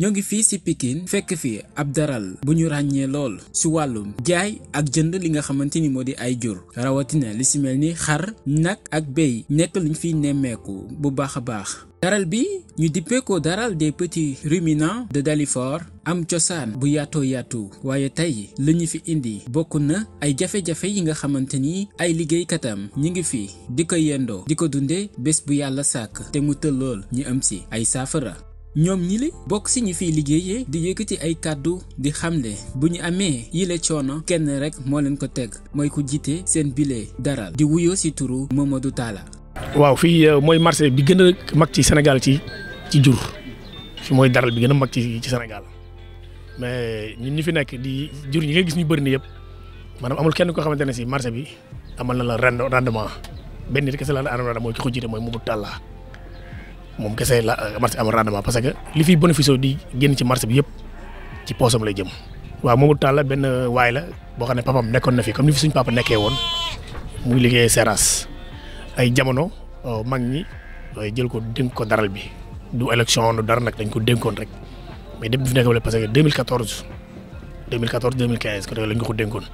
ñoo ngi fii ci Pikine fekk fi ab daral bu ñu ràññee lool ci wàllum jaay ak jënd li nga xamante ni moo di ay jur rawatina li si mel ni xar nag ak béy nekk lañ fiy nemmeeku bu baax a baax daral bi ñu dippee ko daral des petits ruminants de Dalifort am cosaan bu yaatoo yaatu waaye tey lañu fi indi bokk na ay jafe-jafe yi nga xamante ni ay liggéeykatam ñi ngi fi di ko yendoo di ko dundee bés bu yàlla sàkk te mu tël lool ñu am ci ay saafara ñoom ñile bokk si ñi fiy liggéeyee di ci ay kàddu di xam ne bu ñu amee yile coono kenn rek moo leen ko teg mooy ko jiite seen bile daral di wuyoo si turu du Talla. waaw fii euh, mooy marché bi gën a mag ci senegal ci ci jur si mooy daral bi gën a mag ci ci Sénégal mais ñun ñi fi nekk di jur ñu nga gis ñu bëri ni yëpp maanaam amul kenn koo xamante ne si marché bi amal na la rend rendement benn kese la la àndal mooy ki ko jiite mooy Mamadou tàlla moom kese la marché am rendement parce que li fiy bénéfice di génn ci marché bi yëpp ci poosam lay jëm. waaw moom Mamadou Talla benn waay la boo xam ne papam nekkoon na fi comme ni fi suñ papa nekkee woon mu ngi liggéeyee Seras ay jamono oh, mag ñi jël ko dénk ko daral bi du élection du dara nag dañ ko dénkoon rek mais depuis fi nekk parce que 2014 2014 2015 côté lañ ko dénkoon.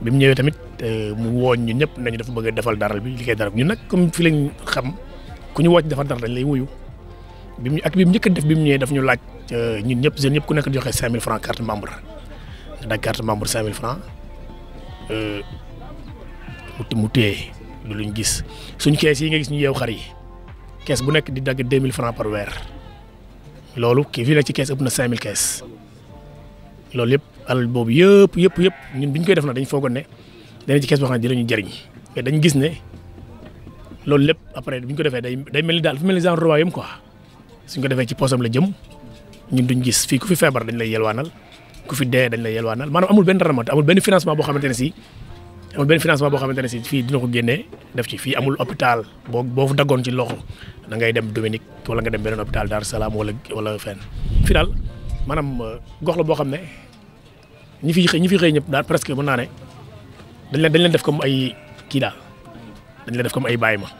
bi mu ñëwee tamit euh, mu wooñ ñu ñëpp nañu dafa bëgg a defal daral bi liggéey daral bi ñu nag comme fi lañ xam ku ñu woo ci defal daral dañ lay wuyu bi mu ak bi njëkk def bi mu ñëwee daf ñu laaj euh, ñun ñëpp jeunes ñëpp ku nekk di joxe 5000 francs carte membre nga dagg carte membre 5000 francs euh, mu lu luñ gis suñ kees yi nga gis ñu yeew xar yi kees bu nekk di dagg 2000 francs par weer loolu kii fii nekk ci kees ëpp na 5000 kees loolu yëpp alal boobu yëpp yëpp yëpp ñun bi ñu koy def na dañ foogoon ne dana ci kees boo xam ne dinañu jëriñ mais dañ gis ne loolu lépp après bi ñu ko defee day day mel ni daal dafa mel ni genre robaayam quoi. suñ ko defee ci poosam la jëm ñun duñ gis fii ku fi feebar dañ lay yelwaanal ku fi dee dañ lay yelwaanal maanaam amul benn remonte amul benn financement boo xamante ne si amul benn financement boo xamante ne si fii dina ko génnee def ci fii amul hôpital boo boo fu daggoon ci loxo da ngay dem Dominique wala nga dem beneen hôpital Dar Salaam wala wala fenn fi daal maanaam euh, gox boo xam ne ñi fi xëy ñi fi xëy ñëpp daal presque mën naa ne dañ leen dañ leen def comme ay kii daal dañ leen def comme ay baay ma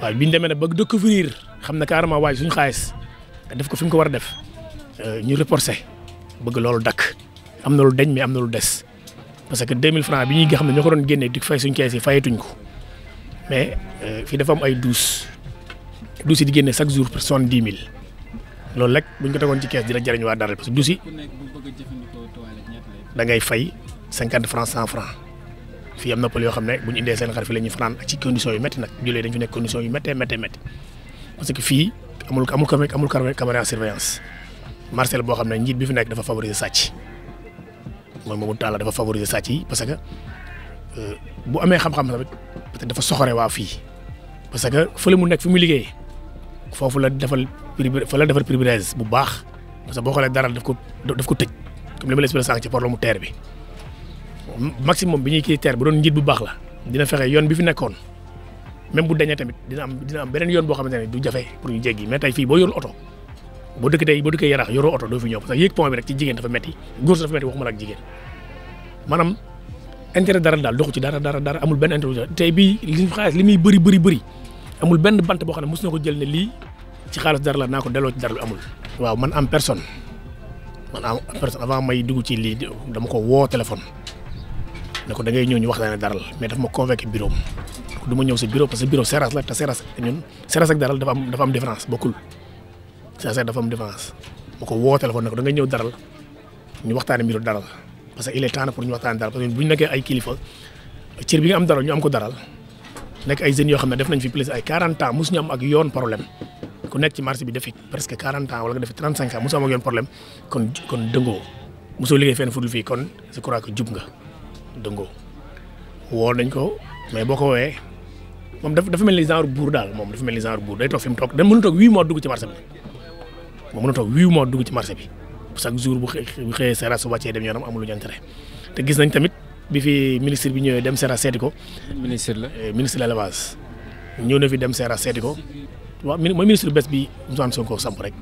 waaye biñ demee ne ba découvrir xam ne carrément waaye suñu xaalis def ko fi mu ko war a def euh, ñu reporté bëgg loolu dakk am na lu deñ mais am na lu des parce que 2000 francs bi ñu nga xam ne ñoo ko doon génnee di fay suñu kees yi fayatuñ ko euh, fii dafa ay douze douze di génne chaque jour pour soixante dix mille loolu rek bu ñu ko tegoon ci kees dina jëriñ waa dara parce que douze yi da ngay fay cinquante francs cent francs fii am na pël yoo xam ne bu ñu indee seen xar fi la fanaan ak ci conditions yu métti nag jullee dañ fi nekk conditions yu méttee parce que fii amul amul kamek amul caméra surveillance Marcel boo xam ne njiit bi fi nekk dafa favoriser sàcc mooy moomu Talla dafa favoriser sàcc yi parce que euh, bu amee xam-xam tamit peut dafa soxore waa fii parce que fële mu nekk fi mu liggéey foofu la defal fa la defal privilège bu baax parce que boo xoolee dara daf ko daf ko tëj comme li ma la expliqué sànq ci problème mu terre bi maximum bi ñu kii teer bu doon njiit bu baax la dina fexe yoon bi fi nekkoon. même bu dañee tamit dina am dina beneen yoon boo xamante ne du jafe pour ñu tey fii boo yorul oto boo dëkk tey boo oto doo fi ñëw parce que yéeg pont bi rek ci jigéen dafa metti maanaam intérêt dara daal doxu ci dara dara dara amul benn tey bii li xaalis li muy bëri bëri bëri amul benn bant boo xam ne mos na ko jël ne lii ci xaalis dara la naa ko delloo ci dara lu amul waaw man am personne man am personne avant may dugg ci lii dama ko woo téléphone ne ko da ngay ñëw ñu waxtaane dara la mais daf ma convoqué bureau bokk du ma ñëw sa bureau parce que bureau seras la te seras ñun seras ak daral dafa am dafa am différence bokkul seras dafa am différence bu ko woo téléphone ne ko da nga ñëw daral ñu waxtaane mbiru daral parce que il est temps pour ñu waxtaane daral parce que bu ñu nekkee ay kilifa cër bi nga am daral ñu am ko daral nekk ay jeunes yoo xam ne def nañ fi plus ay 40 ans mosuñu am ak yoon problème ku nekk ci marché bi defi presque 40 ans wala nga defi 35 ans mosu am ak yoon problème kon kon dëngoo mosoo liggéey fenn fudul fii kon je crois que jub nga dëngoo woo nañ ko mais boo ko woowee moom dafa dafa mel ni genre buur daal moom dafa mel ni genre buur day toog fi mu toog da mënu toog huit mois dugg ci marché bi moom mënu toog huit mois dugg ci marché bi chaque jour bu xëyee Seras su wàccee dem yoonam amul lu ñu intérêt te gis nañ tamit bi fi ministre bi ñëwee dem Seras seeti ko. ministre la eh, ministre de l'élevage ñëw na fi dem Seras seeti ko waaw mooy ministre bés bi Ousmane Sonko samp rek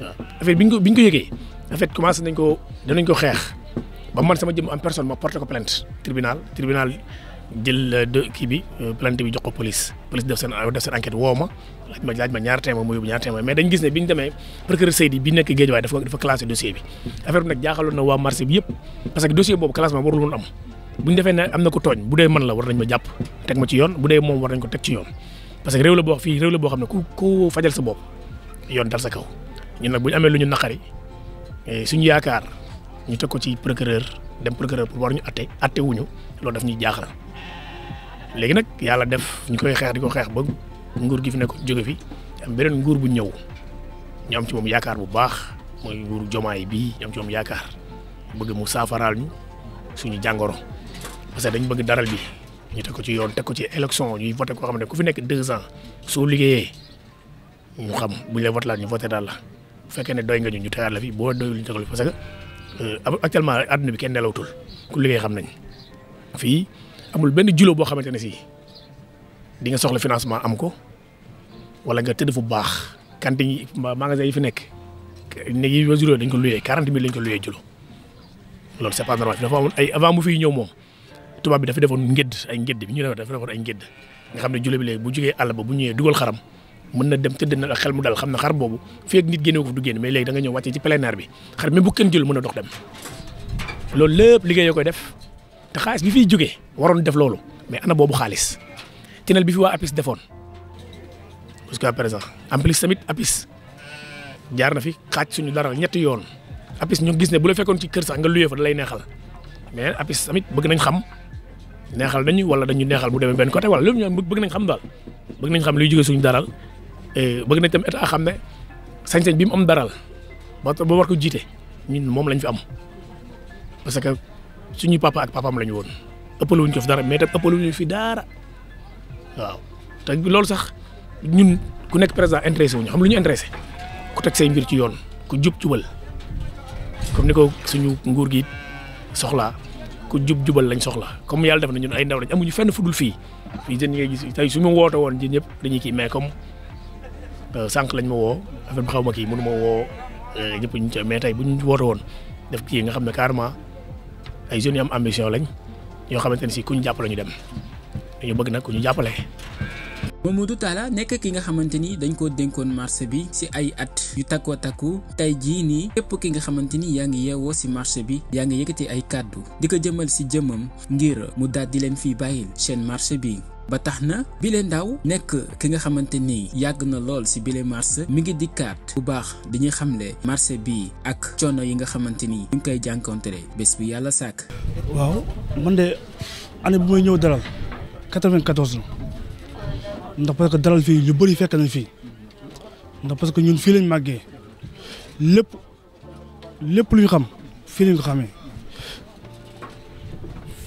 waaw affaire bi ñu ko bi ñu ko yëgee en fait commencé nañ ko danañ ko xeex ba man sama jëm en personne ma porté ko plainte tribunal tribunal. jël euh, kii bi euh, plainte bi jox ko police police def seen euh, def seen woo ma laaj ma laaj ma ñaar témoin mu yóbbu ñaar témoin mais dañ gis ne bi ñu demee procureur Seydi bi nekk Guédiawaye dafa dafa classé dossier bi affaire bi nag jaaxaloon na waa marché bi yëpp parce que dossier boobu classement warul woon am bu ñu defee ne am na ko tooñ bu dee man la war nañ ma jàpp teg ma ci yoon bu dee moom war nañ ko teg ci yoon parce que réew la boo xam ne ku ku fajal sa bopp eh, dem procureur pour war ñu atte atte wuñu loolu daf jaaxal léegi nag yàlla def ñu koy xeex di xeex ba nguur gi fi nekkoon jóge fi am beneen nguur bu ñëw ñu ci moom yaakaar bu baax mooy nguuru jomaay bii ñu am ci moom yaakaar bëgg mu saafaraal ñu suñu jàngoro parce que dañ bëgg daral bi ñu teg ko ci yoon teg ko ci élection ñuy voté koo xam ne ku fi nekk deux ans soo liggéeyee ñu xam buñ la voté laat ñu voté daal la bu fekkee ne doy nga ñu ñu tegaat la fi boo doyul ñu tegal parce que euh, actuellement àdduna bi kenn nelawtul ku liggéey xam nañ amul benn julo boo xamante ne si di nga soxla financement am ko wala nga tëdd fu baax kantin yi magasin yi fi nekk néeg yi ba juróom dañ ko luyee quarante mille lañ ko luyee julo loolu c'est pas normal dafa amoon ay avant mu fiy ñëw moom tubaab bi defoon ngédd ay ngédd bi ñu ne dafa defoon ay ngédd nga xam ne julo bi léegi bu jugee àll ba bu ñëwee dugal xaram mën na dem tëdd na xel mu dal xam ne xar boobu fii ak nit génne ko du génn mais léegi danga nga ñëw wàccee ci plénaire bi xar même bu kenn jul mën a dox dem loolu lépp liggéey yoo koy def te xaalis bi fiy jógee waroon def loolu mais ana boobu xaalis tinel bi fi waa APIS defoon parce que jusqu'à présent en plus tamit APIS jaar na fi xaaj suñu dara ñetti yoon APIS ñu gis ne bu la fekkoon ci kër sax nga luyee fa da lay neexal mais APIS samit bëgg nañ xam neexal nañu wala dañu neexal bu demee benn côté wala loolu ñoom bëgg nañ xam daal bëgg nañ xam luy jógee suñu daral eh, bëgg nañ tam état xam ne sañ-sañ bi mu am daral ba war ko jiite ñun moom lañ fi am suñu papa ak papaam lañu woon ëppalu wuñ ko fi dara mais tam ëppalu wuñu fi dara waaw te loolu sax ñun ku nekk président intéressé wuñu xam lu ñu intéressé ku teg say mbir ci yoon ku jub jubal comme ni ko suñu nguur gi soxlaa ku jub jubal lañ soxla comme yàlla def na ñun ay ndaw lañ amuñu fenn fudul fii fii jën ñi ngay gis tey su ma woote woon jën ñëpp dañuy kii mais comme euh, sànq lañ ma woo xaw ma kii mënu ma woo euh, ñëpp ñu mais tey bu ñu woote woon def kii nga xam ne carrément ay jeunes yu am ambition lañ yoo xamante ni si ku ñu jàppale ñu dem dañu bëgg nag ku ñu jàppale. Mamadou Talla nekk ki nga xamante ni dañ koo dénkoon marché bi ci ay at yu takkoo takku tey jii nii képp ki nga xamante ni yaa ngi yeewoo ci marché bi yaa ngi yëkkati ay kàddu di ko jëmal ci jëmmam ngir mu daal di leen fi bàyyil seen marché bii ba tax na bile ndaw nekk ki nga xamante ni yàgg na lool si bile marché mi ngi dikkaat bu baax dañuy xamle marché bi ak coono yi nga xamante ni ñu ngi koy jànkontele bés bi yàlla sàkk. waaw man de année bu may ñëw dalal 94 la ndax parce que dalal fii lu bëri fekk nañ fii ndax parce que ñun fii lañ màggee lépp lépp lu xam fii lañ ko xamee.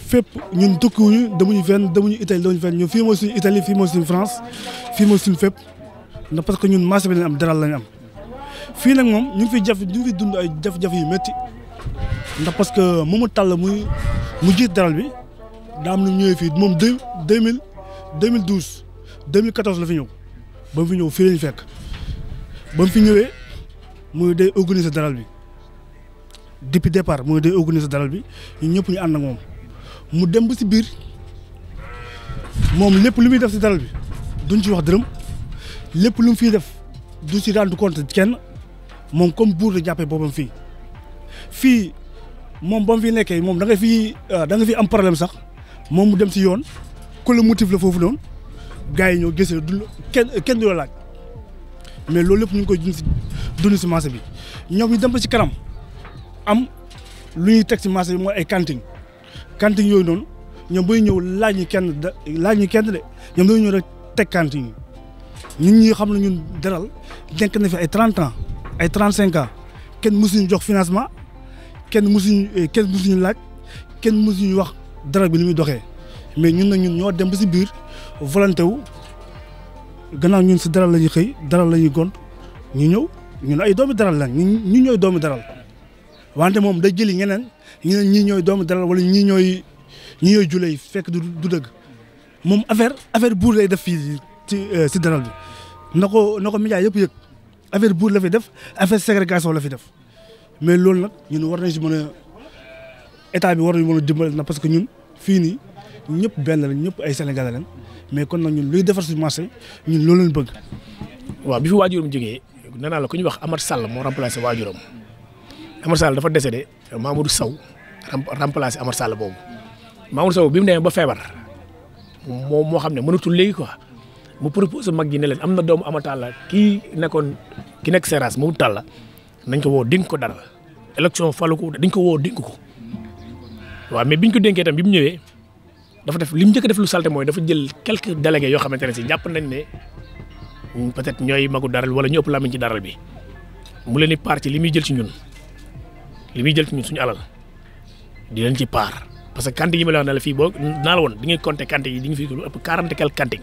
fépp ñun tukkiwuñu demuñu fenn demuñu Italie damuñu fenn ñun fii mooy suñu Italie fii mooy suñu France fii mooy suñu fépp na parce que ñun marché bi lañ am daral lañ am fii nag moom ñu ngi fiy jaf ñu ngi fiy dund ay jaf-jaf yu métti ndax parce que moomu tàll muy mu jiit daral bi daa am lu ñëwee fii moom deux deux mille deux mille douze deux mille la fi ñëw ba fi ñëw fii lañu fekk fi ñëwee muy day organiser daral bi depuis départ muy day organiser daral bi ñun ñëpp ñu ànd ak moom mu dem ba si biir moom lépp lu muy def si daral bi duñ ci wax dërëm lépp lu mu fiy def du si rendre compte kenn moom comme buur la jàppee boobam fii fii moom ba mu fi nekkee moom da nga fi euh, da fi am problème sax moom mu dem si yoon ku la motif la foofu noonu gars yi ñoo gisee du kenn kenn du la laaj mais loolu lépp ñu ngi koy dund si dund si marché bi ñoom ñu dem ba si kanam am lu ñuy teg si marché bi mooy ay cantine cantine yooyu noonu ñoom booy ñëw laaj ñu kenn laaj ñu kenn de ñoom dañoo ñëw rek teg cantine ñun ñi xam ne ñun daral nekk na fi ay trente ans ay trente cinq ans kenn mësuñu jox financement kenn mësuñu eh, kenn mësuñu laaj kenn mësuñu wax daral bi ni muy doxee mais ñun nag ñun ñoo dem ba si biir volonté wu gannaaw ñun si daral la ñuy xëy daral la ñuy gont ñu ñëw ñun ay doomi daral lañ ñu ñooy doomi daral wante moom day jëli ñeneen ñu ñii ñooy doomu dalal wala ñii ñooy ñii ñooy juley fekk du du dëgg moom affaire affaire buur lay def fii ci si euh, dalal bi na ko na ko média yëpp yëg affaire buur la fi def affaire ségrégation la fi def mais loolu nag ñun war nañ si mën a bi war nañu mën a na parce que ñun fii nii ñëpp benn la ñëpp ay sénégalais lañ mais kon nag ñun luy defar si marché ñun loolu lañ bëgg. waaw bi fi waajuram jógee nee naa la ku ñuy wax amat Sall moo remplacé waajuram. Amar Sall dafa décédé Mamadou Sow remplacé Amar Sall boobu Mamadou Sow bi mu demee ba feebar moom moo xam ne mënatul léegi quoi mu proposé mag ji ne leen am na doomu Amatalla kii nekkoon ki nekk Seras mu Talla nañ ko woo dénk ko dara élection falu ko dañ ko woo dénk ko waaw mais biñ ko denkee tam bi mu ñëwee dafa def li mu njëkk def lu salte mooy dafa jël quelques délégués yoo xamante ne si jàpp nañ ne peut-être ñooy magu daral wala ñu ëpp lamiñ ci daral bi mu leen di parti li muy jël ci ñun. li muy jël ci ñun suñu alal di leen ci paar parce que kanti yi ma la wax ne la fii boo naa la woon di ngay compter kanti yi di nga fi lu ëpp quarante quelque kanti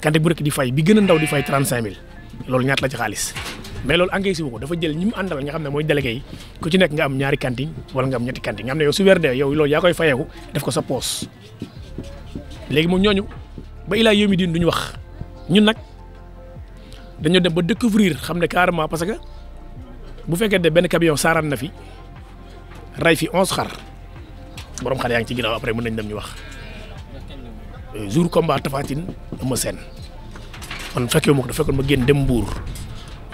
kanti bu rek di fay bi gën a ndaw di fay trente cinq mille loolu ñaata la ci xaalis mais loolu engagé wu ko dafa jël ñi mu àndal nga xam ne mooy délégué yi ku ci nekk nga am ñaari kanti wala nga am ñetti kanti nga xam ne yow su weer dee yow loolu yaa koy fayeeku def ko sa poos léegi moom ñooñu ba ilaa yoomi diin duñu wax ñun nag dañoo dem ba découvrir xam ne carrément parce que bu fekkee de benn camion saaraan na fi ray fi onze xar borom xar yaa ngi ci ginnaaw après mën nañ dem ñu wax jour combat Tapha Tine Eumeu Sène man fekkee ma ko dafa fekkoon ma génn dem Mbour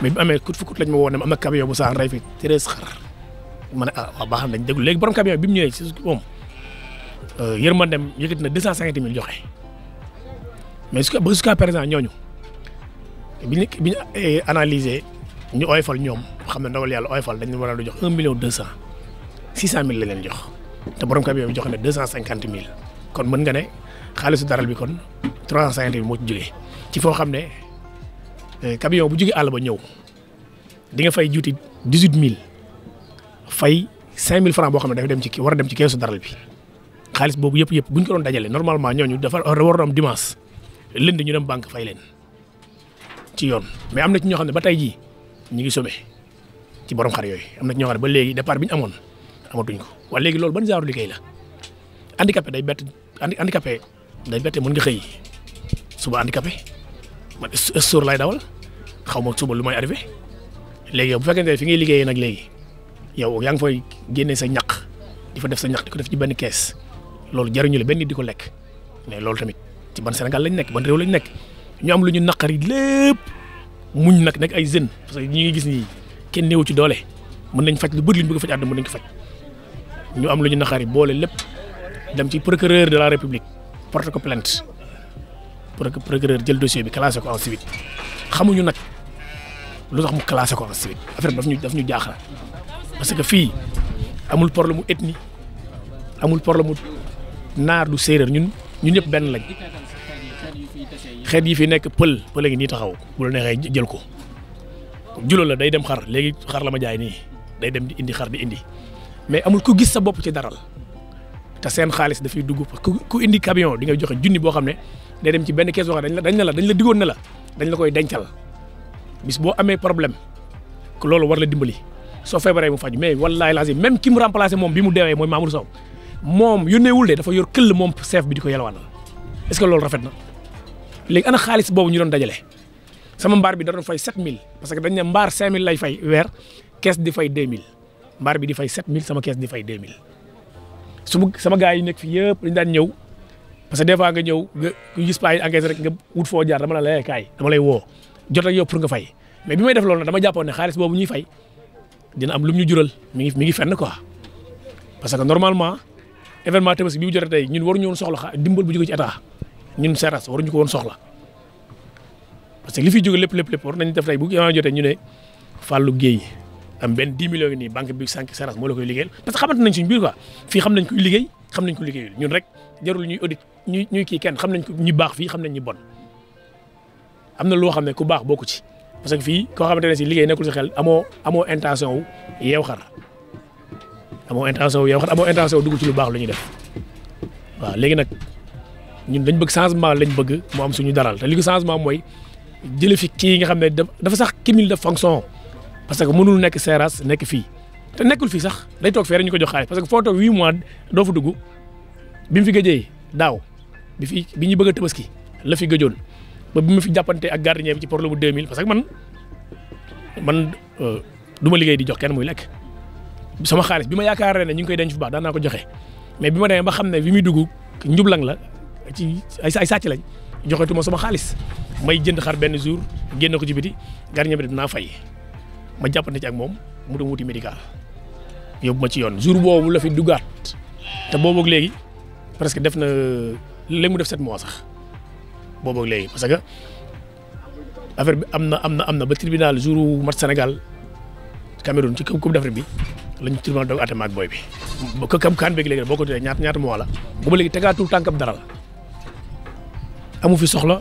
mais amee kut fukkut ma woo ne ma na camion bu saan ray fi treize xar ma ne ah waaw baax nañ déglu léegi borom bi mu ñëwee si moom euh, yërmandem yëkkati na deux cent cinquante mille joxe mais jusqu'à ba jusqu'à ñooñu bi ñu bi ñu euh, analysé ñu oyfal ñoom xam ne ndogal yàlla oyfal dañu war a jox un million deux 600000 la leen jox te borom camion bi jox na 250000 kon mën nga ne xaalisu daral bi kon 350000 moo ci jógee ci foo xam ne euh, camion bu jógee àll ba ñëw di nga fay juuti 18000 fay 5000 francs boo xam ne dafa dem ci war a dem ci keesu daral bi xaalis boobu yëpp yëpp bu ko doon dajale normalement ñooñu dafa war a am dimanche lënd ñu dem banque fay leen ci yoon mais am na ci ñoo xam ne ba tey jii ñu ngi somme ci borom xar yooyu am na ci ñoo xam ne ba léegi départ bi amoon. amatuñ ko waaye léegi loolu ban genre liggéey la handicapé day bett handicapé day bette mën nga xëy suba handicapé man suur lay dawal xaw ma suba lu may arrivé léegi yow bu fekkente ne fi ngay liggéeyee nag léegi yow yaa ngi fay génne sa ñaq di fa def sa ñaq di def ci benn kees loolu jariñu la benn di ko lekk mais loolu tamit ci ban lañ nekk ban réew lañ nekk ñu am lu ñu naqari lépp muñ nag nekk ay jeunes parce que ñi ngi gis nii kenn néew ci doole mën nañ faj lu bëri li ñu bëgg faj àdduna mën nañ ko faj. ñu am lu ñu naxari boole lépp dem ci procureur de la république porte ko plainte pour que procureur jël dossier bi classé ko en xamuñu nag lu mu classé ko en civil affaire daf ñu daf ñu jaaxal parce que fii amul problème mu ethnie amul problème mu naar du séeréer ñun ñun ñëpp benn lañ xeet yi fi nekk pël pël a ngi nii taxaw bu la neexee jël ko julo la day dem xar léegi xar la ma jaay nii day dem di indi xar di indi. mais amul ku gis sa bopp ci daral te seen xaalis dafay dugg ku indi camion di nga joxe junni boo xam ne day dem ci benn kees wax dañ la dañ la dañ la diggoon ne la dañ la koy dencal bis boo amee problème que loolu war la dimbali soo feebaree mu faju mais wallaahi laas même ki mu remplacé moom bi mu deewee mooy Mamour Sow moom yónneewul de dafa yor këll moom chef bi di ko yalwaanal est-ce que loolu rafet na léegi ana xaalis boobu ñu doon dajale sama mbaar bi da doon fay 7000 parce que dañ ne mbaar 5000 lay fay weer kees di fay 2000. mbaar bi di fay 7000 sama kees di fay 2000 su ma sama gars yi nekk fi yëpp dañu daan ñëw parce que des fois nga ñëw nga gis paa yi rek nga wut foo jaar dama la lay eh, kaay dama lay woo jot ak yow pour nga fay mais bi may def loolu nag dama jàppoon ne xaalis boobu ñuy fay dina am lu mu jural mi ngi mi ngi fenn quoi parce que normalement événement Tabaski bi bu jotee tey ñun waruñu woon soxla xa dimbal bu jóge ci état ñun ko woon soxla parce que li fi jóge lépp lépp lépp war nañu def tey bu événement jotee ñu ne Fallou Guèye am benn 10 millions yi nii banque bi sànq Seras moo la koy liggéeyal parce que xamante nañ suñu biir quoi fii xam nañ ko liggéey xam nañ ko liggéeyul ñun rek jarul ñuy audit ñuy ñuy kii kenn xam nañ ko ñu baax fii xam nañ ñu bon am na loo xam ne ku baax bokku ci parce que fii koo xamante ne si liggéey nekkul si xel amoo amoo intention wu yeew xar amoo intention wu yeew xar amoo intention wu dugg ci lu baax lu ñuy def waaw léegi nag ñun dañ bëgg changement lañ bëgg mu am suñu daral te li ko mooy jëlee fi kii nga xam ne dafa sax kimil de fonction parce que mënul nekk Seras nekk fii te nekkul fii sax day toog fee ñu ko jox xaalis parce que foo toog huit mois doo fa dugg bi mu fi gëjee daaw bi fi bi ñu bëgg a tabaski la fi gëjoon ba bi mu fi jàppante ak gardien bi ci problème bu 2000 parce que man man euh, du ma liggéey di jox kenn muy lekk sama xaalis bi ma yaakaaree ne ñu ngi koy denc bu baax daan ko joxe mais bi ma demee ba xam ne bi muy dugg njublang la ci ay ay sàcc lañ joxetu ma sama xaalis may jënd xar benn jour génn ko ci biti gardien di naa fay. ma jàppante ci ak moom mu dem wuti médical yóbbu ma ci yoon jour boobu la fi duggaat te boobu ak léegi que def na léegi mu def set mois sax boobu ak parce que affaire bi am na am na am na ba tribunal jour mat senegal Cameroun ci coupe d'Afrique bi lañu tribunal doog ate maag booy bi. ba ka kam kaan beeg léegi boo ko tuddee ñaata ñaata mois la ba léegi tegaatul tànkam dara la amu fi soxla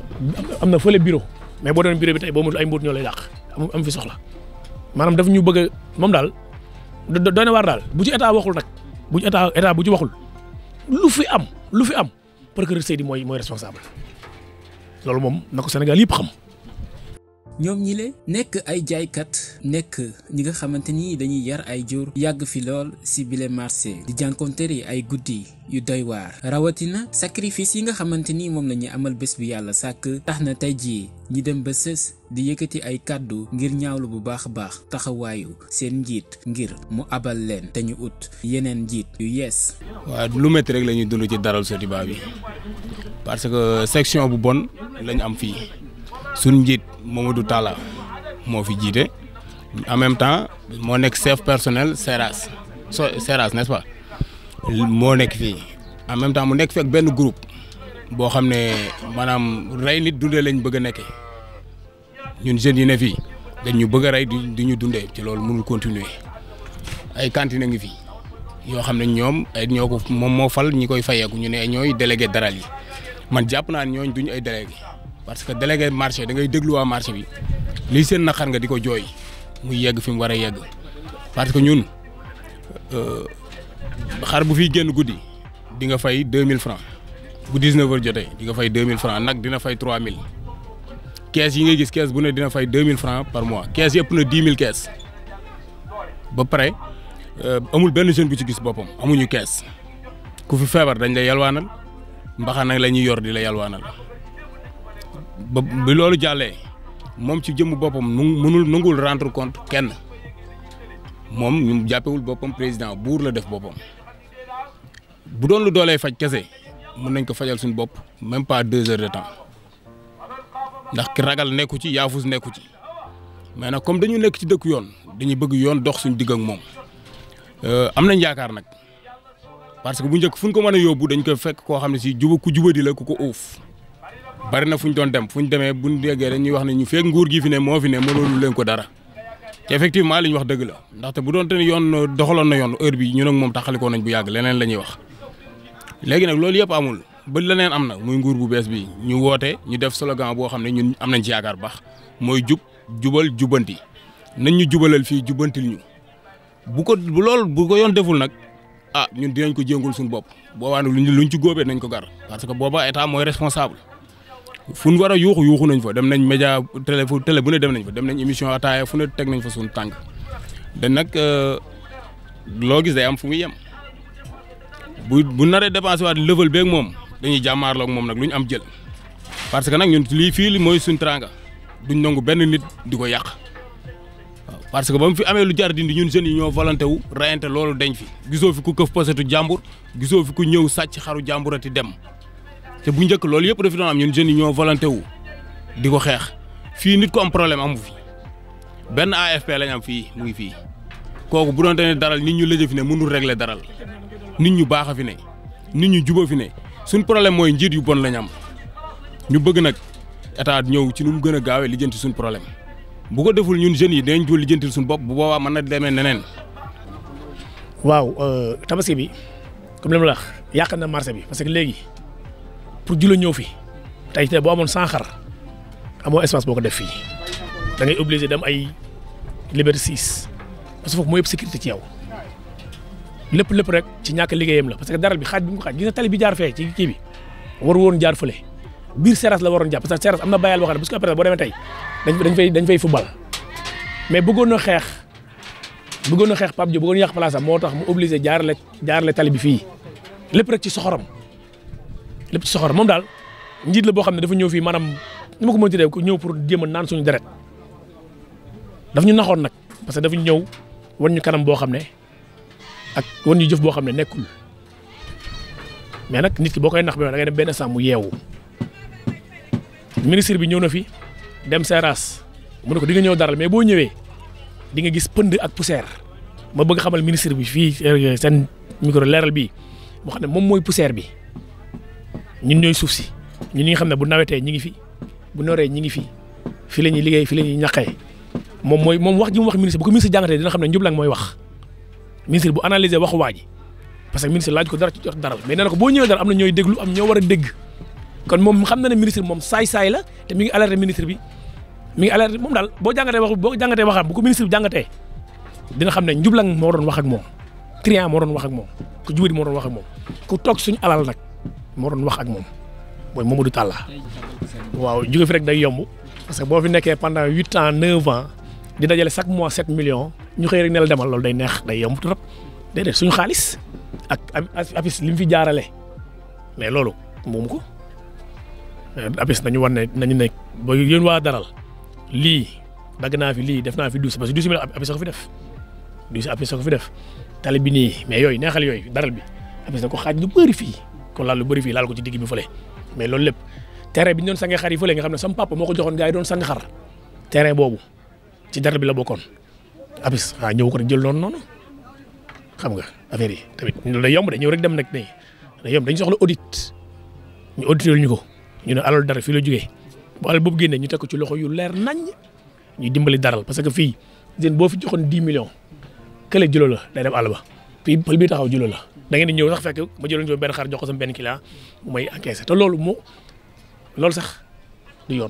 am na fële bureau mais boo doon bureau bi tey boo motul ay mbuut ñoo lay dàq amu am fi soxla. maanaam daf ñu bëgg a moom daal doy na waar daal bu ci état waxul nag bu ci état état bu ci waxul lu fi am lu fi am procureur Seydi mooy mooy responsable loolu moom na ko Sénégal yëpp xam. ñoom ñi le nekk ay jaaykat nekk ñi nga xamante ni dañuy yar ay jur yàgg fi lool ci bile marché di jànkonteer yi ay guddi yu doy waar rawatina sacrifice yi nga xamante ni moom la amal bés bu yàlla sàkk tax na tey jii ñi dem ba sës di yëkkati ay kàddu ngir ñaawlu bu baax a baax taxawaayu seen njiit ngir mu abal leen te ñu ut yeneen njiit yu yees. waaw lu métti rek la ñuy dund ci daral Sotiba bi parce que section bu bon lañ am fii. suñ njiit moom du tàla moo fi jiite en même temps moo nekk chef personnel Seras so Seras n'est-ce moo nekk fi en même temps mu nekk fi benn groupe boo xam ne maanaam rey nit dundee lañ bëgg a nekkee ñun jeunes yi ne fii dañ ñu bëgg a rey di ñu dundee ci loolu mënul continuer ay cantine ngi fi yoo xam ne ñoom ay ñoo moom moo fal ñu koy fayeeku ñu ne ñooy délégué dara yi man jàpp naa ne ñooñ duñ ay délégué parce que délégué marché da ngay déglu waa marché bi lii seen xar nga di ko jooy muy yegg fi mu war a yegg parce que ñun euh, xar bu fiy génn guddi di nga fay mille francs bu 19 heures jotee di nga fay mille francs nag dina fay 3000 kees yi ngay gis kees bu ne dina fay 2000 francs par mois kees yëpp na 10 000 kees ba pare euh, amul benn jeune bu ci gis boppam amuñu kees ku fi feebar dañ lay yalwaanal mbaxana la ñuy yor di la yalwaanal. ba bi loolu jàllee moom ci jëmm boppam nu mënul nanguwul rendre compte kenn moom ñu jàppewul boppam président buur la def boppam bu doon lu doolee faj kese mun nañ ko fajal suñu bopp même pas deux heures de temps ndax ki ragal nekku ci yaafus nekku ci mais nag comme dañu nekk ci dëkk yoon dañuy bëgg yoon dox suñu digg ak moom euh, am nañ yaakaar nag parce que bu njëkk fu ñu ko mën a yóbbu dañ koy fekk koo xam ne si juba ku jubadi la ku ko uuf bari na fu ñu doon dem fu ñu demee bu ñu déggee wax na ñu feeg nguur gi fi ne moo fi ne mënoolu leen ko dara te effectivement li ñu wax dëgg la ndaxte bu doonte ne yoon doxaloon na yoon heure bi ñun ak moom taxalikoo nañ bu yàgg leneen la ñuy wax léegi nag loolu yëpp amul ba leneen am na muy nguur bu bees bi ñu woote ñu def slogan boo xam ne ñun am nañ yaakaar baax mooy jub jubal jubanti nañ ñu jubalal fii jubantil ñu bu ko bu loolu bu ko yoon deful nag a ah, ñun dinañ ko jéngul suñu bopp boobaanu luñ luñ ci góobee nañ ko gar parce que booba état mooy responsable fu war a yuuxu yuuxu nañ fa dem nañ média télé fu télé bu ne dem nañ fa dem nañ émission ataaya fu ne teg nañ fa suñu tànk da nag euh, loo gis am fu muy yem bu bu naree dépensé waat level beeg moom dañuy jàmmaarloo ak moom nag lu ñu am jël parce que nag ñun lii fii mooy suñu teraanga duñ nangu benn nit di ko yàq waaw parce que ba mu fi amee lu jar dindi ñun jeunes yi ñoo volonté wu rayante loolu deñ fi gisoo fi ku këf tu jàmbur gisoo fi ku ñëw sàcc xaru jàmburati dem te bu njëkk loolu yëpp dafi doon am ñun jeunes ñoo volonté wu di ko xeex fii nit ko am problème amu fi benn AFP lañ am fii mu ngi fii kooku bu doon te ne daral nit ñu lëjë fi ne mënul régler daral nit ñu baax a fi ne nit ñu juba fi ne suñ problème mooy njiit yu bon lañ am ñu bëgg nag état ñëw ci nu mu gën a gaawee lijjanti suñ problème bu ko deful ñun jeunes yi dinañ ko lijjantil suñ bopp bu boobaa mën na demee neneen. waaw euh, tabaski bi comme li ma la yàq na marché bi parce que léegi. pour jula ñëw fi tey te boo amoon cent xar amoo espace boo ko def fii da ngay obligé dem ay liberté 6 parce que foofu yëpp sécurité ci yow lépp lépp rek ci ñàkk liggéeyam la parce que daral bi xaaj bi mu ko xaaj gis na tali bi jaar fee ci kii bi war woon jaar fële biir Seras la waroon jàpp parce que Seras am na bayal boo xam ne parce que après boo demee tey dañ fay dañ fay football mais bëggoon na xeex bëggoon xeex Pape Diop bëggoon yàq place am moo tax mu obligé jaarale jaarale tali bi fii lépp rek ci soxoram. lépp ci soxor moom daal njiit la boo xam ne dafa ñëw fii maanaam ni ma ko mën ti dee ko ñëw pour jéem a naan suñu deret daf ñu naxoon nag parce que dafa ñëw wan ñu kanam boo xam ne ak wan ñu jëf boo xam ne nekkul mais nag nit ki boo koy nax ba da ngay benn sàmm mu yeewu ministre bi ñëw na fi dem Seras mu ne ko di ñëw daral mais boo ñëwee di nga gis pënd ak poussière ma bëgg xamal ministre bi fii seen micro leeral bi boo xam ne moom mooy poussière bi. ñun ñooy suuf si ñun ñi nga xam ne bu nawetee ñi ngi fi bu noree ñi ngi fi fi la ñuy liggéey fi la ñuy ñaqee moom mooy moom wax ji mu wax ministre bu ko ministre jàngatee dina xam ne njublang mooy wax ministre bu analyser waxu waa ji parce que ministre laaj ko dara ci dara mais nee na ko boo ñëwee dara am na ñooy déglu am ñoo war a dégg kon moom xam na ne ministre moom saay-saay la te mi ngi alerté ministre bi mi ngi alerté moom daal boo jàngatee wax boo jàngatee waxam bu ko ministre bi jàngatee dina xam ne njublang moo doon wax ak moom triant moo doon wax ak moom ku jubadi moo wax ak moom ku toog suñu alal nag moo doon wax ak moom mooy du Talla waaw jóge fi rek day yombu parce que boo fi nekkee pendant huit ans neuf di dajale chaque mois sept millions ñu xëy rek ne la demal loolu day neex day yomb trop déedéet suñu xaalis ak abis li mu fi jaarale mais loolu moomu ko euh, abis nañu war ne nañu nekk ba yéen waa daral lii dagg naa fi lii def naa fi douze parce que douze mille abis ko fi def douze abis ko fi def tali bi nii mais yooyu neexal yooyu daral bi abis na ko xaaj lu bëri fii. ko laal lu bëri fii laal ko ci digg bi fële mais loolu lépp terrain bi ñu doon sange xar yi fële nga xam ne sama papa moo ko joxoon gars yi doon sang xar terrain boobu ci dara bi la bokkoon abis waaw ah, ñëw ko rek jël noonu noonu xam nga affaire yi tamit loolu yomb de ñëw rek dem nag day yomb dañu soxla audit ñu audité ñu ko ñu ne alal dara fii la jógee bu alal boobu génnee ñu teg ci loxo yu leer nañ ñu dimbali daral parce que fii seen boo fi joxoon 10 millions kële julo la day dem àll ba fii pël bi taxaw julo la da ngeen di ñëw sax fekk ma jëloon ci benn xar jox ko sama benn client may te loolu mu loolu sax du yoon.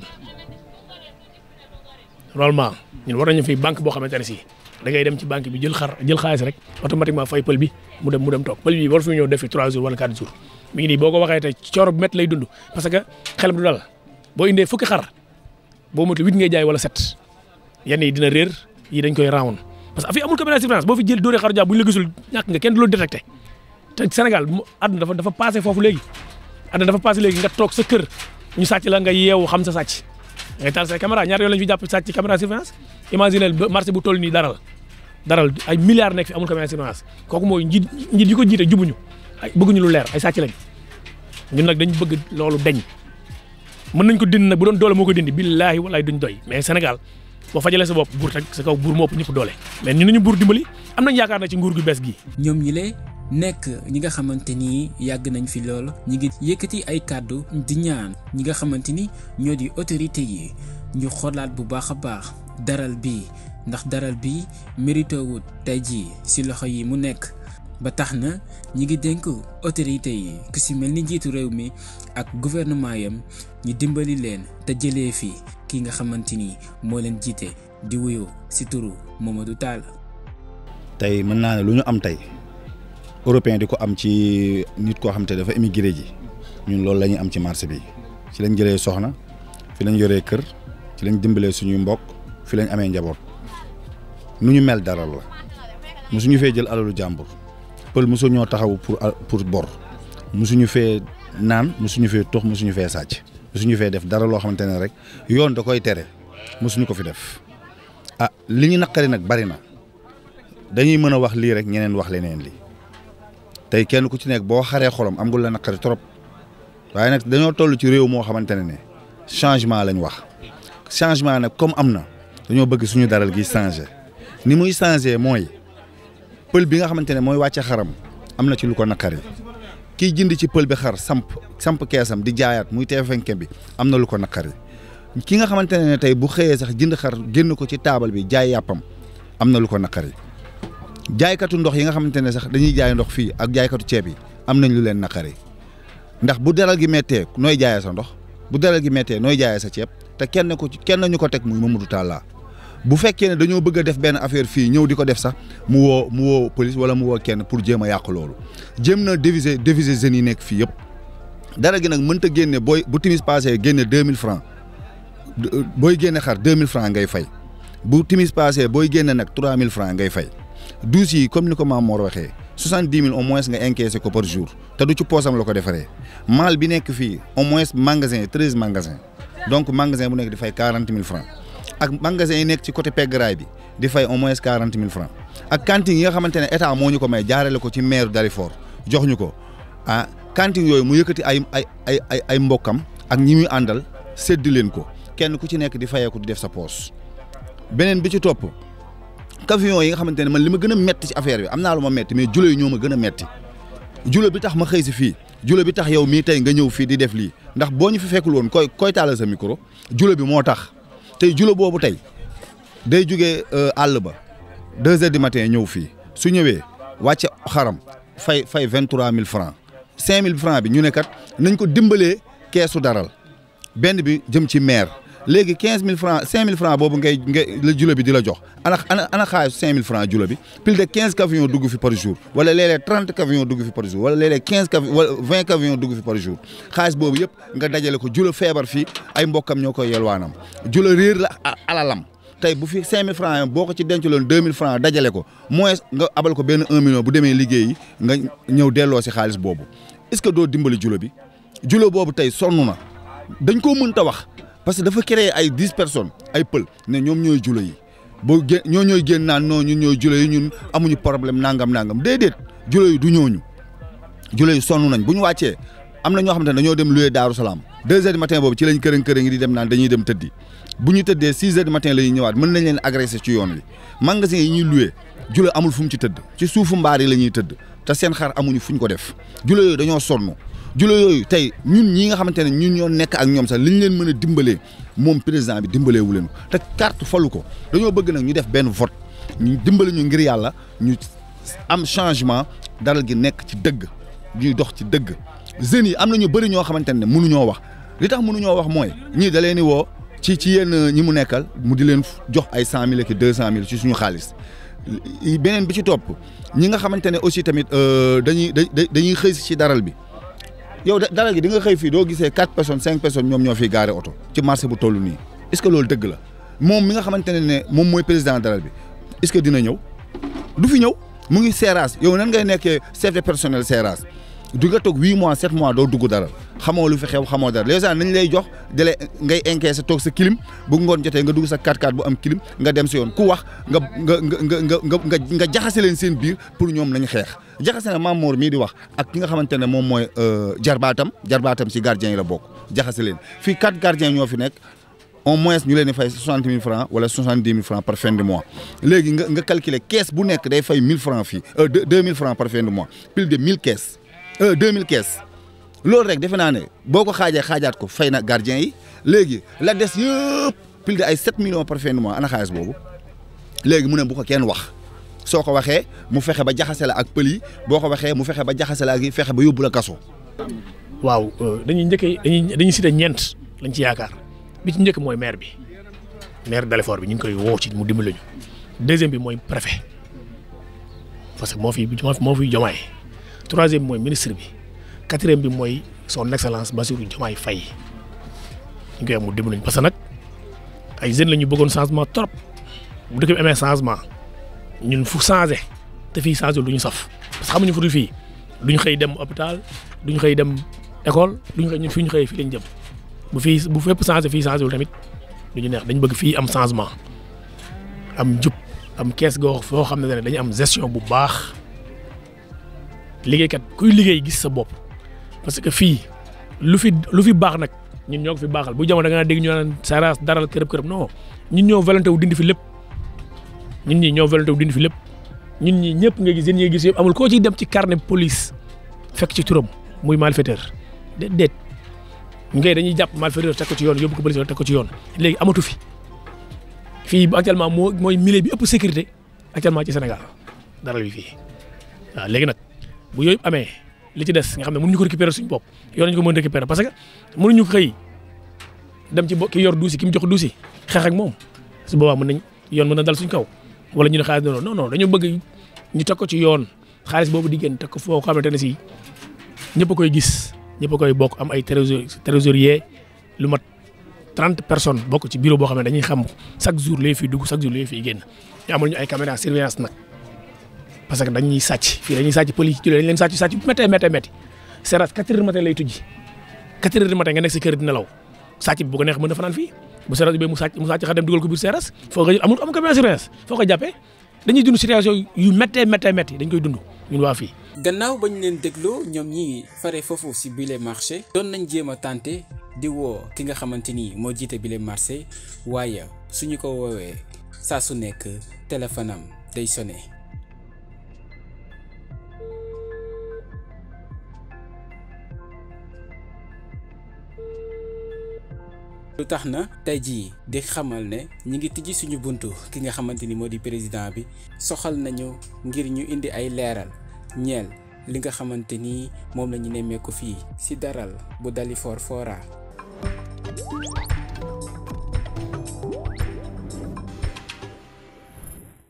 normalement ñun war nañu fi banque boo xamante ne si da ngay dem ci banque bi jël xar jël xaalis rek automatiquement fay pël bi mu dem mu dem toog pël def fi 3 jours wala boo ko waxee tey cooro bu métti lay dund parce que xelam du dal boo indee fukki xar boo motul 8 jaay wala 7 yenn yi dina réer yi dañ que afi jël dóoree xaru jaa bu ñu la gisul nga kenn du la détecté te Sénégal àdduna dafa dafa passé foofu léegi àdduna dafa passé léegi nga toog sa kër ñu sàcc la nga yeewu xam sa sàcc ngay taal sa caméra ñaar yoon lañu fi jàpp sàcc caméra surveillance imaginez marché bu toll nii dara la dara la ay milliards nekk fi amul caméra surveillance kooku mooy njiit njiit yi ko jiite jubuñu ay ñu lu leer ay sàcc lañ ñun nag dañ bëgg loolu deñ mën nañ ko dindi nag bu doon doole moo ko dindi billaahi walaay duñ doy mais Sénégal boo fajalee sa bopp buur teg sa kaw buur moo ëpp ñëpp doole mais ñu nañu buur dimbali am nañ yaakaar na ci nguur gu bees gi nekk ñi nga xamante ni yàgg nañ fi lool ñi ngi yëkkati ay kàddu di ñaan ñi nga xamante ni ñoo di autorité yi ñu xoolaat bu baax a baax daral bi ndax daral bi mérité wut tey jii ci loxo yi mu nekk ba tax na ñi ngi dénk autorité yi ku ci mel ni jiitu réew mi ak gouvernement yam ñu dimbali leen te jëlee fi ki nga xamante ni moo leen jiite di wuyu ci turu du taal tey mën naa ne lu ñu am tey. européen di ko am ci nit koo xam te dafa émigré ji ñun loolu la am ci marché bi ci lañ jëlee soxna fi lañ yoree kër ci lañ dimbalee suñuy mbokk fi lañ amee njaboot nu ñu mel dara la mosuñu fee jël alalu jàmbur pël mosu ñoo taxaw pour pour bor mosuñu fee naan mosuñu fee tox mosuñu fee sàcc suñu fee def dara loo xamante ne rek yoon da koy tere mosuñu ko fi def a ah, li ñu naqari nag bari na dañuy mën a wax lii rek ñeneen wax leneen li tey kenn ku ci nekk boo xaree xolam am nga la naqari trop waaye nag dañoo toll ci réew moo xamante ne ne changement lañ wax changement nag comme am na dañoo bëgg suñu daral gi changer ni muy changer mooy pël bi nga xamante ne mooy wàcce xaram am na ci lu ko naqari kiy jënd ci pël bi xar samp samp keesam di jaayaat muy teefenke bi am na lu ko naqari ki nga xamante ne tey bu xëyee sax jënd xar génn ko ci taabal bi jaay yàppam am na lu ko naqari jaaykatu ndox yi nga xamante ne sax dañuy jaay ndox fii ak jaaykatu ceeb yi am nañ lu leen naqari ndax bu deral gi méttee nooy jaayee sa ndox bu deral gi méttee nooy jaayee sa ceeb te kenn ko ci kenn ñu ko teg mu muy Mamadou Talla bu fekkee ne dañoo bëgg a def benn affaire fii ñëw di ko def sax mu woo mu woo police wala mu woo kenn pour jéem a yàq loolu jéem na diviser diviser jeunes yi nekk fii yëpp dara gi nag mënta génne booy bu timis passé génne 2000 francs booy génne xar 2000 francs ngay fay bu timis passé booy génne nag 3000 francs ngay fay douze yi comme ni ko maam Mor waxee soixante dix mille au moins nga encaissé ko par jour te du ci poosam la ko defaree maal bi nekk fii au moins magasin treize magasin donc magasin bu nekk di fay quarante mille ak magasin yi nekk ci côté peggaraay bi di fay au moins quarante mille francs ak cantine nga xamante ne état moo ñu ko may jaarale ko ci maire Dalifort jox ñu ko ah cantine yooyu mu yëkkati ay ay ay ay ay mbokkam ak ñi muy àndal sédd leen ko kenn ku ci nekk di fayeeku di def sa poos beneen bi ci topp camion yi nga xamante ne man li ma gën a metti ci affaire bi am naa lu ma metti mais jula yi ñoo ma gën a metti jula bi tax ma xëy si fii julo bi tax yow mii tey nga ñëw fii di def lii ndax boo ñu fi fekkul woon koy koy taalal sa micro jula bi moo tax tey jula boobu tey day jugee euh, àll ba deux heures du matin ñëw fii su ñëwee wàcce xaram fay fay vingt trois mille francs cinq mille francs bi ñu ne kat nañ ko dimbalee keesu daral benn bi jëm ci maire léegi quinze mille francs cinq mille francs boobu ngay ngay la jula bi di la jox ana ana ana xaalisu cinq mille francs jula bi plus de quinze camions dugg fi par jour wala léeg-léeg trente camions dugg fi par jour wala léeg-léeg quinze camions wala vingt camions dugg fi par jour xaalis boobu yëpp nga dajale ko julo feebar fii ay mbokkam ñoo koy yelwaanam jula réer la alalam tey bu fi cinq mille francs boo ko ci denculoon deux mille francs dajale ko moins nga abal ko benn un million bu demee liggéey nga ñëw delloo si xaalis boobu est-ce que doo dimbali jula bi jula boobu tey sonn na dañ koo mënta wax parce que dafa créer ay dix personnes ay pël ne ñoom ñooy jula yi boo gé ñoo ñooy génn naan non ñu ñooy jula yi ñun amuñu problème nangam nangam déedéet jula yi du ñooñu jula yi sonn nañ bu ñu wàccee am na ñoo xamante ne dañoo dem loué Daaru Salaam deux heures du boobu ci lañ kërën kërën di dem naan dañuy dem tëddi bu ñu tëddee six heures du matin la ñuy ñëwaat mën nañ leen agressé ci yoon wi magasin yi ñuy loué jula amul fu mu ci tëdd ci suufu mbaar yi la ñuy tëdd te seen xar amuñu fu ñu ko def jula dañoo sonn jula yooyu tey ñun ñi nga xamante ne ñun ñoo nekk ak ñoom sax li ñu leen mën a dimbalee moom président bi dimbalee wu leen te carte falu ko dañoo bëgg nag ñu def benn vote ñu dimbale ñu ngir yàlla ñu am changement daral gi nekk ci dëgg ñuy dox ci dëgg jeunes yi am na ñu bëri ñoo xamante ne mënuñoo wax li tax mënuñoo wax mooy ñii da leen di woo ci ci yenn ñi mu nekkal mu di leen jox ay cent mille ak deux cent mille ci suñu xaalis beneen bi ci topp ñi nga xamante ne aussi tamit euh, dañuy dañuy xëy ci daral bi yow dalal gi di nga xëy fii doo gisee quatre personnes cinq personnes ñoom ñoo fiy gaare oto ci marché bu toll nii est ce que loolu dëgg la moom mi nga xamante ne ne moom mooy président dalal bi est ce que dina ñëw du fi ñëw mu ngi seeraas yow nan ngay nekkee chef de personnel seeraas du nga toog huit mois sept mois doo dugg dara xamoo lu fi xew xamoo dara les gens nañ lay jox dale ngay sa toog sa kilim bu ngoon jotee nga dugg sa 4 x bu am clim nga dem si yoon ku wax nga nga nga nga nga nga jaxase leen seen biir pour ñoom nañ xeex jaxase na Maam mii di wax ak ki nga xamante ne moom mooy euh, jarbaatam jarbaatam si gardien yi la bokk jaxase leen fii quatre gardiens ñoo fi nekk au moins ñu leen di fay soixante mille wala soixante dix mille francs par fin de mois léegi nga bu nekk day fay mille francs fii euh, deux mille francs par fin de mois plus de euh, mille caisses loolu rek defe naa ne boo ko xaajee xaajaat ko fay na gardien yi léegi la des yëpp plus de ay sept million par fin de mois ana xaalis boobu léegi mu ne bu ko kenn wax. soo ko waxee mu fexe ba jaxase la ak pëli boo ko waxee mu fexe ba jaxase ak yi fexe ba yóbbu kaso. waaw euh, dañuy njëkkee dañuy dañuy cité ñeent lañ ci yaakaar bi ci njëkk mooy maire bi maire Dalifort bi ñu ngi koy woo ci mu dimbali ñu deuxième bi mooy préfet parce que moo fi moo fi jomaay troisième bi mooy ministre bi quatrième bi mooy son excellence Bassirou Diomaye Faye ñu koy am mu dimbali ñu parce que nag ay jeunes la ñu bëggoon changement trop mu dëkk bi amee changement. ñun fu changé te fii changé lu ñu saf parce que xamuñu fu dul fii duñ xëy dem hôpital duñ xëy dem école duñ xëy ñun fi ñu xëy fii lañ jëm bu fii bu fépp changé fii changé wul tamit du ñu neex dañ bëgg fii am changement am jub am kees goo foo xam ne dañu am gestion bu baax liggéeykat kuy liggéey gis sa bopp parce que fii lu fi lu fi baax nag ñun ñoo fi baaxal bu jamono da nga dégg ñu naan saras daral kërëb kërëb non ñun ñoo volonté wu dindi fi lépp. ñun ñi ñoo volonté wu dindi fi lépp ñun ñi ñëpp nga gis yéen gis yëpp amul koo ciy dem ci carnet police fekk ci turam muy malfaiteur déet ngay dañuy jàpp malfaiteur teg ko ci yoon yóbbu ko police teg ko ci yoon léegi amatu fi fii actuellement moo mooy milieu bi ëpp sécurité actuellement ci Sénégal dara bi fii waaw léegi nag bu yooyu amee li ci des nga xam ne mënuñu ko récupérer suñu bopp yoon nañu ko mën récupérer parce que mënuñu ko xëy dem ci ki yor duusi ki mu jox duusi xeex ak moom su boobaa mën nañ yoon mën na dal suñ kaw wala ñu ne xaalis non non dañu bëgg ñu teg ko ci yoon xaalis boobu di génn teg ko foo xamante ne si ñëpp koy gis ñëpp koy bokk am ay trésorier trésorier lu mat trente personnes bokk ci bureau boo xam ne dañuy xam chaque jour lay fiy dugg chaque jour lay fiy génn ñu amal ñu ay caméra surveillance nag parce que dañuy sàcc fii dañuy sàcc pël yi ci dañ leen sàcc sàcc bu méttee méttee métti seeraat lay tujji quatre heures du matin nga kër di nelaw sàcc bi ko neex mën na fanaan fii bu seras bi mu sàcc mu sàcc xar dem dugal ko biir seras foo ko amul amul ko benn assurance foo ko jàppee dañuy dund situation yu méttee méttee métti dañ koy dund ñun waa fii. gannaaw bañ leen dégloo ñoom ñi fare foofu si bile marché doon nañ jéem a tenter di woo ki nga xamante ni moo jiite bile marché waaye su ñu ko woowee saa su nekk téléphone am day sonné. lu tax na tey jii di xamal ne ñi ngi tijji suñu buntu ki nga xamante ni moo di président bi soxal nañu ngir ñu indi ay leeral ñeel li nga xamante ni moom la ñu nemmee fii ci daral bu Dalifort Fora